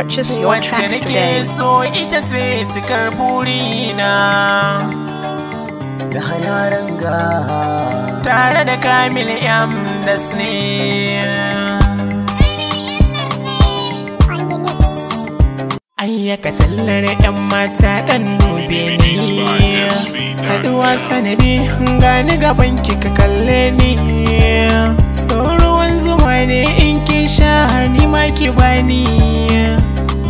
Purchase your tracks today. cikar burina. Da Tare da Kamil M. Ayyaka tallar 'yan mata ɗan ne. haduwa sanadi gani gaban ki ka kalle ni so ruwan zuma ne in kin sha ni ma ki bani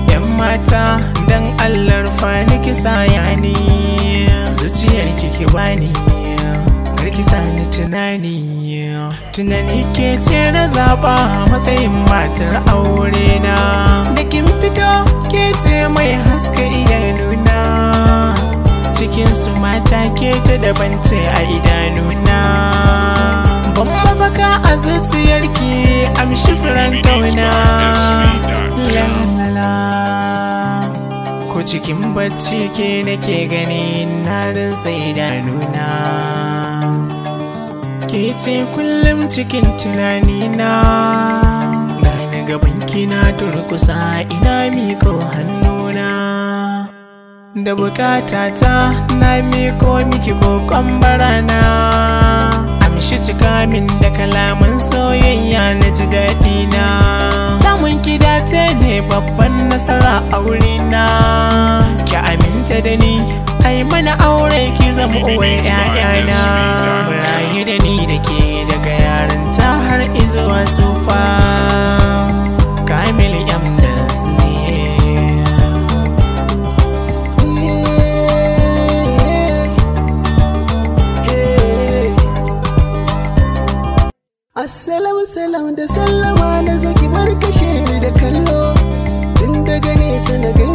yan mata dan allar fani ki ni zuciyar ki ki bani karki sani tunani tunani ke ce na zaba matsayin matar aure na da kin fito ke ce mai haska iyayen ke ta daban ce a idanuna ban mafaka a ki? amshi furan kauna lalala ko cikin bacci ke nake gani na rinsa idanuna ke ce kullum cikin tunanina na gaban kina turkusa ina miko da bukatata na miko miki kokon barana amshi cika min da kalaman soyayya na ji daɗi na damun ce ne babban nasara a na ki aminta da ni ai mana aure ki zama uwar ƴaƴana rayu da ni da ke daga yaranta har izuwa su salam da sallama na zaki barkashe da kallo tun daga nesa na gani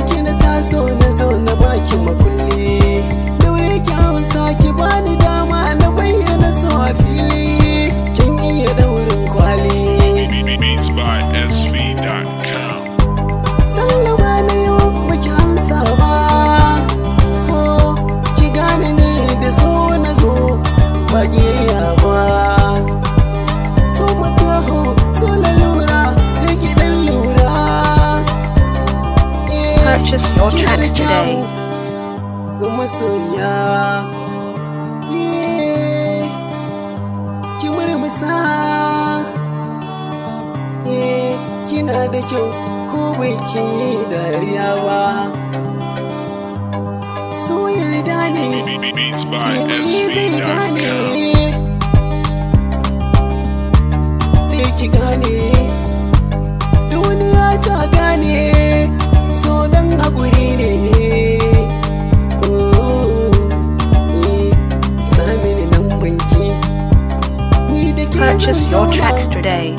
purchase your tracks today. Beats da kyau ko dariya ba. zai purchase your tracks today.